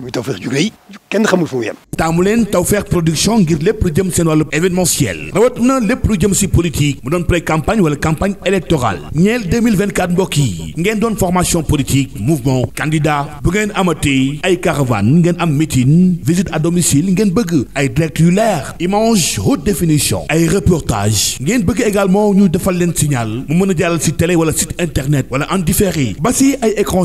muy taamu leen Tawfekh production ngir lépp lu jëm seen wàllu événementiel rawat na lépp lu jëm si politique mu doon pré campagne wala campagne électorale ñeel 2024 ngeen doon formation politique mouvement candidat bu ngeen amatee ay caravane ngeen am meeting visite à domicile ngeen bëgg ay direct yu image haute définition ay reportage ngeen bëgg également ñu defal leen signal mu mën a jàllal si télé wala site internet wala en ba si ay écran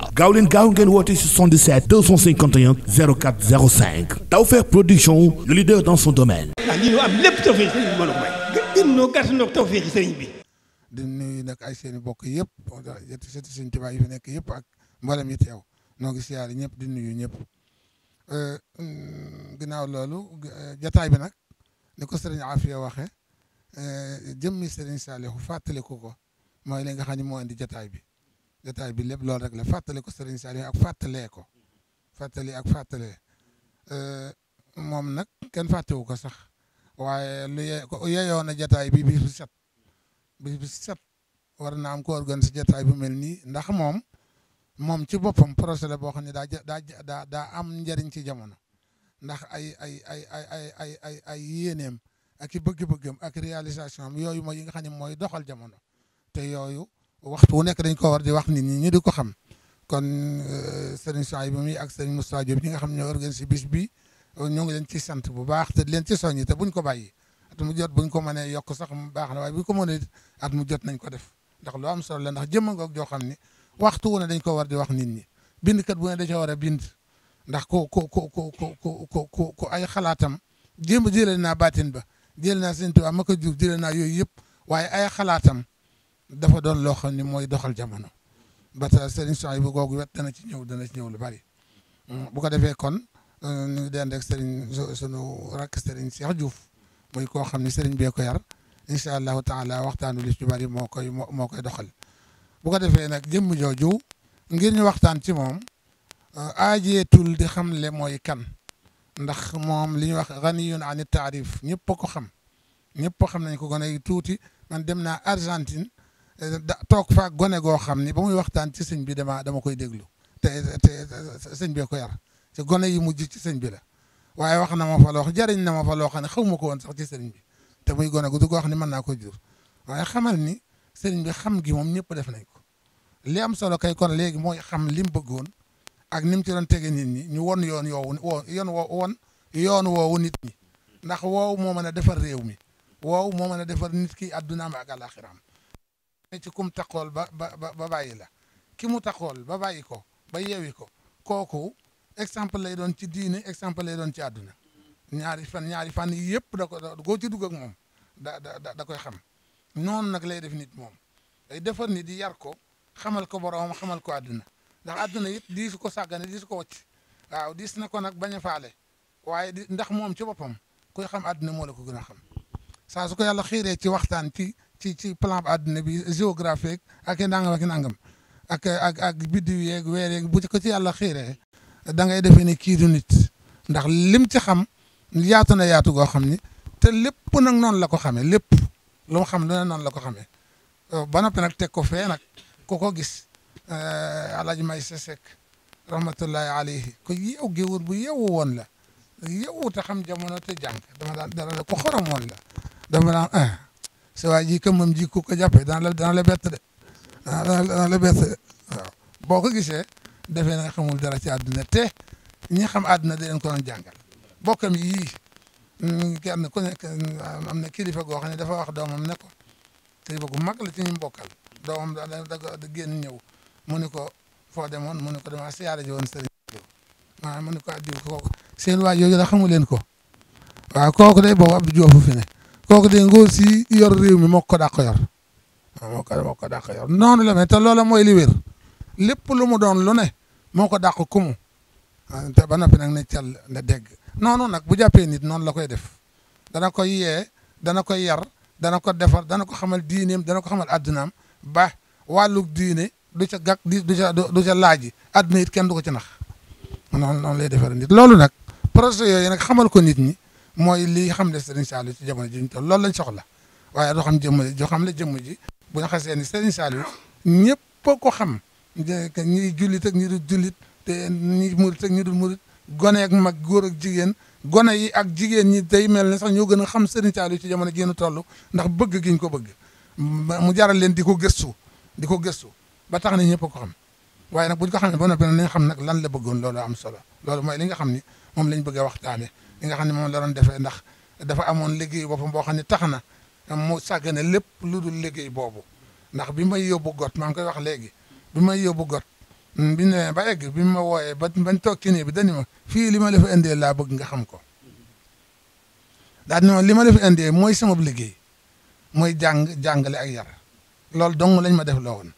waaw gaaw leen gaaw ngeen woote 77 251 04 05 Tawfekh Production le leader dans son domaine. ah lii am lépp tawfeex sëriñ bi mën bi. di nuyu nag ay seeni i bokk yëpp yëpp sëti sëriñ Tuubaa yi fi nekk yëpp ak mboolem yi teew noo ngi siyaare ñëpp di nuyu ñëpp. Euh, mm, ginnaaw loolu euh, jataay bi nag ni ko sëriñ waxe waxee euh, jëmmi sëriñ Saalihu fàttaliku ko mooy li nga xam ne di indi jataay bi. jotaay bi lépp loolu rek la fàttali ko Serigne Saliou ak fàttalee ko fàttali ak fàttalee euh, moom nag kenn fàttewu ko sax waaye lu yeyoo na jotaay bi bis bu set bis bu set war na am ko organise jotaay bu mel nii ndax moom moom ci boppam projet boo xam ne daa daa daa am njëriñ ci jamono ndax ay ay ay ay ay ay ay ay yéeneem ak i bëgg-bëggam ak réalisation am yooyu mooy yi nga xam ne mooy doxal jamono te yooyu waxtu wu nekk dañ ko war di wax nit ñi ñu di ko xam kon euh, sëriñ Souhaïbou mi ak sëriñ Moustapha Diop ñi nga xam ne ñoo organisé bis bi ñoo ngi leen ci sant bu baax te leen ci soññi te buñ ko bàyyi at mu jot buñ ko mënee yokk sax mu baax na waaye buñ ko mënee at mu jot nañ ko def ndax loo am solo la ndax jëmm ngoog joo xam ne waxtu wu ne dañ ko war di wax nit ñi bindkat bu ne dañoo war a bind ndax ko ko ko ko ku ku ku ay xalaatam jéem a jëlee naa baatin ba jëlee naa seen tubaab ma ko jur jëlee naa yooyu yëpp waaye ay xalaatam dafa doon loo xam ni mooy doxal jamono ba ta seen émission bu googu wet dana ci ñëw dana ci ñëw lu bari mm, bu ko defee kon euh, ñu dend ak Serigne sunu rakk Serigne Cheikh Diouf muy koo xam ne Serigne bee ko yar incha allahu taala waxtaanu li ci bari moo koy moo koy doxal bu ko defee nag jëmm jooju ngir ñu waxtaan ci moom aaj euh, aajeetul di xam le mooy kan ndax moom li ñuy wax ganiyun ani taarif ñëpp ko xam ñëpp xam nañ ko gën a tuuti man dem naa Argentine. da toog faak gone goo xam ni ba muy waxtaan ci sëñ bi dama dama koy déglu te te sëñ bee ko yar te gone yi mujj ci sëñ bi la waaye wax na moo fa loo jariñ na ma fa loo xam ne xaw ma ko woon sax ci sëriñ bi te muy gone gu du xam wax ni mën naa ko jur waaye xamal ni sëriñ bi xam gi moom ñëpp def nañ ko li am solo kay kon léegi mooy xam li mu bëggoon ak ni mu ci doon tege nit ñi ñu won yoon yoowu woo yoon woo won yoon woowu nit ñi ndax woowu moo mën a defar réew mi woowu moo mën a defar nit ki addunaam ak àlaxiraam ne ci kum taxool ba ba ba bàyyi la ki mu taxool ba bàyyi ko ba yewi ko kooku exemple lay doon ci diine exemple lay doon ci àdduna ñaari fan ñaari fan yi yëpp da ko goo ci dugg ak moom da da da koy xam noonu nag lay def moom day defar nit di yar ko xamal ko boroom xamal ko àdduna ndax àdduna it di ko sàggane di su ko wàcc waaw diis na ko nag bañ a faale waaye di ndax moom ci boppam kuy xam àdduna moo la ko gën a xam saa su ko ci waxtaan ci ci ci plan àdduna bi géographique ak i nangam ak nangam ak ak ak biddiw yeeg weer yeeg bu ko ci yàlla xiiree da ngay defee ne kii du ndax lim ci xam yaatu na yaatu goo xam ni te lépp nag noonu la ko xamee lépp lu mu xam dana noonu la ko xamee euh, ba noppi nag teg ko fee nag ku ko gis euh, alaaji may sa sekk rahmatullahi alayhi ko yeew gi bu yeewu woon la yeewu te xam jamono te jàng dama daan ko xorom woon la dama daan eh, sa waay ji këmmam ji ko jàppee dans la dans la bett de ah, dans la bett boo ko gisee defee na xamul dara ci àdduna te ñi xam àdduna da leen ko doon jàngal bokkam yii mm, kenn ku nekk mm, am na kilifa goo xam ne dafa wax doomam ne ko kilifa gu mag la ci ñu bokkal doomam da da génn ñëw mu ne ko foo demoon mu ne ko dama siyaare ji woon ne ko addiw ko seen waay yooyu da xamu leen ko waaw kooku day boobu Abdou Diouf fi ne kooku de ngóor si yor réew mi moo ko dàq yor moo ko dàq yor noonu la ta te loola mooy li wér lépp lu mu doon lu ne moo ko dàq kumu te ba noppi nag ne cal ne dégg noonu nag bu jàppee nit noonu la koy def dana koy yee dana koy yar dana ko defar dana ko xamal diineem dana ko xamal addunaam ba wàllug diine du ca gàkk di du ca du ca laaji adduna yit kenn du ko ci nax noonu noonu lay defar nit loolu nag projet yooyu nag xamal ko nit ñi mooy li xam ne Serigne Saliou ci jamono ji ñu toll loolu lañ soxla waaye doo xam jëmm joo xam ne jëmm ji bu ñu xasee ni Serigne Saliou ñëpp ko xam ñi jullit ak ñi dul jullit te ñi murit ak ñi murit gone ak mag góor ak jigéen gone yi ak jigéen ñi day mel ne sax ñoo gën a xam Serigne Saliou ci jamono ji ñu toll ndax bëgg gi ñu ko bëgg mu jaral leen di ko gëstu di ko gëstu ba tax na ñëpp ko xam waaye nag ko ñu ko xamee ba noppi nañ xam nag lan la bëggoon loolu am solo loolu mooy li xam ni moom lañ bëgg a waxtaane li nga xam ne moom la doon defee ndax dafa amoon liggéey boppam boo xam ne tax na mu sàggane lépp lu dul liggéey boobu ndax bi may yóbbu got maa ngi koy wax léegi bi may yóbbu got mm, bi ne ba egg bi ma wooyee ba bañ toog bi dañu ma fii li ma la fi indee laa bëgg nga xam ko daal ne ma li ma la fi indee mooy sama liggéey mooy jàng jàngale ak yar loolu dong lañ ma def loo woon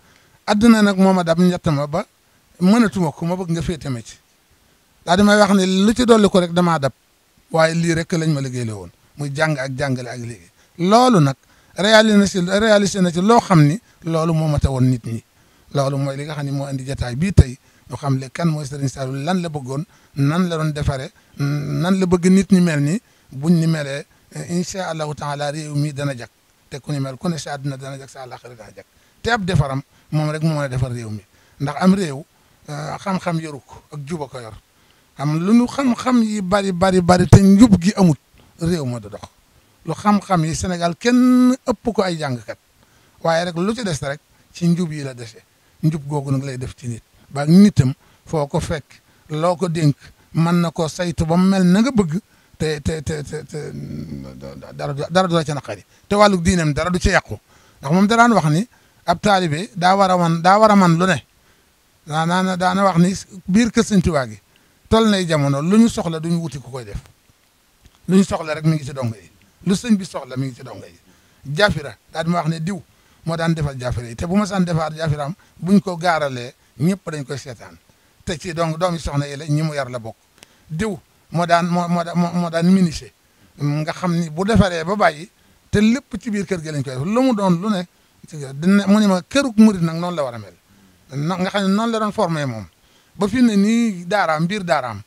nag moo ma dab ñett ma ba mënatuma ko ma bëgg nga féete ma ci daal di may wax ne lu ci dolli ko rek damaa dab waaye lii rek lañ ma liggéey la woon muy jàng ak jàngale ak liggéey loolu nag réalisé na ci réalisé na ci loo xam ni loolu moo mat a woon nit ñi loolu mooy li nga xam ne moo indi jataay bii tey ñu xam le kan mooy Serigne Saliou lan la bëggoon nan la doon defaree nan la bëgg nit ñi mel ni buñ ni melee incha allahu taala réew mi dana jag te ku ñu mel ku ne sa dana jag sa àllaxira dana jag te ab defaram moom rek moo mën defar réew mi ndax am réew euh, xam-xam yoru ko ak juba ko yor am lu ñu xam-xam yi bari bari bari te njub gi amut réew ma du lu xam-xam yi Sénégal kenn ëpp ko ay jàngkat waaye rek lu ci des rek ci njub yi la dese njub googu nag lay def ci nit ba nitam foo ko fekk loo ko dénk mën na ko saytu ba mel na nga bëgg te te te te dara dara du la ca naqari te wàllu diinam dara du ci yàqu ndax moom daraan wax ni ab taalibe daa war a man daa war a man lu ne na daana wax ni biir kër Sëñ Tuubaa gi tol nay jamono lu ñu soxla ñu wuti ku koy def lu ñu soxla rek mi ngi ci donga yi lu sëñ bi soxla mi ngi ci donga yi jaafira daal di ma wax ne diw moo daan defal jaafira yi te bu ma saan defar bu ñu ko gaaralee ñëpp dañ koy seetaan te ci donc doom yi soxna yi la ñi mu yar la bokk diw moo daan moo moo moo daan minise nga xam ni bu defaree ba bàyyi te lépp ci biir kër gi lañ koy def lu mu doon lu ne mu ne ma këruk murit nag noonu la war a mel nga xam ne noonu la doon formé moom ba fi ne nii daaraam biir daaraam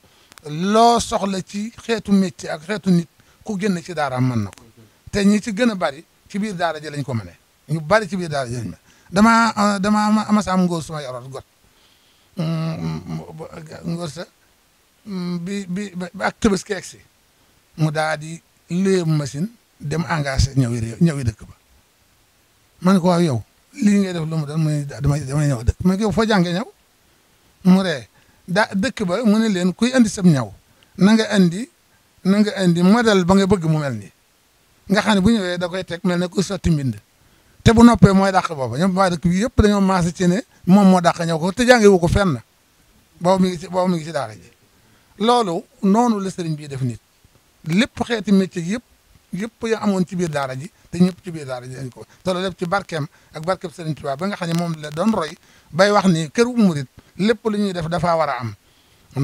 loo soxla ci xeetu métier ak xeetu nit ku génn ci daaram mën na ko te ñi ci gën a bari ci biir daara ji lañ ko mënee ñu bari ci biir daara ji lañ mën damaa ah, damaa amasaam ngóor suma yoroon mm, mm, mm, bi bi ak tëbaski egsi mu daa di léeb machine dem engagé ñëw réew ñëw dëkk ba man ko waaw yow lii ngay def lu mu doon muy damay damay ñëw dëkk man ko yow foo jàngee ñëw mu ree daa dëkk ba mu ne leen kuy andi sam ñaw na nga andi na nga andi modèle ba nga bëgg mu mel ni nga xam ne bu ñëwee da koy teg mel ne ku sotti mbind te bu noppee mooy dàq booba ñoom waa dëkk yëpp dañoo maase ci ne moom moo dàq ñëw ko te jànge wu ko fenn boobu mi ngi ci boobu mi ngi ci daara ji loolu noonu le sëriñ bii def nit lépp xeeti métier yëpp yëpp ya amoon ci biir daara ji te ñëpp ci biir daara ji dañ ko te loolu lépp ci barkeem ak barkeem sëriñ Tuubaa ba nga xam ne moom la doon roy bay wax ni kër wu murit lépp lu ñuy def dafaa war a am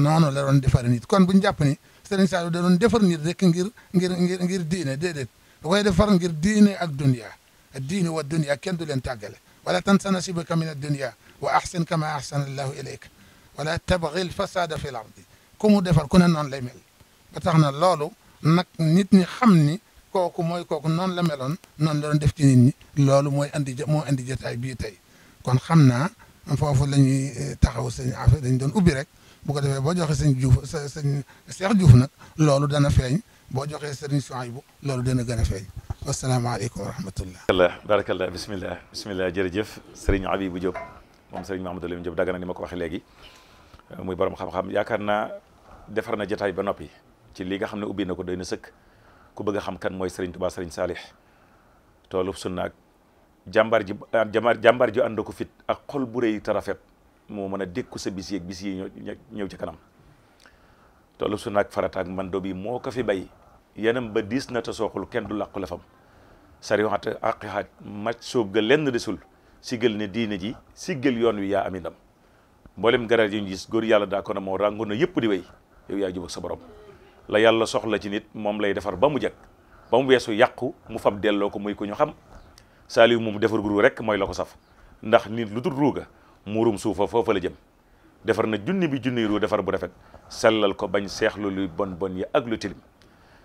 noonu la roon defar nit kon bu ñu jàpp ni Serigne Saliou da doon defar nit rek ngir ngir ngir ngir diine déedéet koy defar ngir diine ak dunya diine wa dunya kenn du leen tàggale wala tansa nasibaka min ad-dunya wa ahsin kama ahsana allahu ilayka wala tabghi al-fasada fi al-ardi ku mu defar ku ne noonu lay mel ba tax na loolu nag nit ñi xam ni kooku moy kooku noonu la meloon noonu la doon def ci nit loolu mooy andi moo andi jotaay bii tey kon xam naa foofu la ñuy eh, taxaw sëñ affaire dañ doon ubbi rek bu ko defee boo joxee sëñ Juuf sa sëñ Seex Juuf nag loolu dana feeñ boo joxee sëriñ Suhaybu loolu dana gën a feeñ wasalaamaaleykum wa rahmatullah allah barakallah bismillah bismillah jërëjëf sëriñ Abibu Diop moom sëriñ Mahamadou Lamine Diop Dagana ni ma ko waxee léegi euh, muy borom xam-xam yaakaar naa defar na jataay ba noppi ci li nga xam ne ubbi na ko doy na sëkk ku bëgg a xam kan mooy sëriñ Tuubaa sëriñ Saalix toolub sunna ak jàmbaar ji ah, jàmbaar jàmbaar ji ànd ko fit ak xol bu rëy te rafet moo mën a dékku sa bis yeeg bis yi ñëw ci kanam tollu su naag farataak mando bi moo ko fi bay yenam ba diis nata te sooxul kenn du làqu lefam sariwaate àqihaaj mac soob ga lenn desul siggal ne diine ji si gël yoon wi yaa am ndam mboolem garar yi ñu góor yàlla daa ko na moo ràngu na yëpp di way yow yaa jubag sa borom la yàlla soxla ci nit moom lay defar ba mu jag ba mu weesu yàqu mu fab delloo Saliou moom defar gu rek mooy la ko saf ndax nit lu dul ruuga muurum suufa foofa la jëm defar na junni bi junni ruu defar bu rafet sellal ko bañ seexlu luy bon bon yi ak lu tilim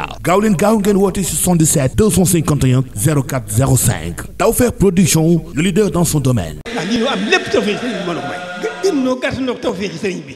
Dakar gaaw leen gaaw ngeen woote 77 251 04 05 Tawfekh Production le leader dans son domaine. Ah, am lépp tawfeex sëriñ bi mën bi.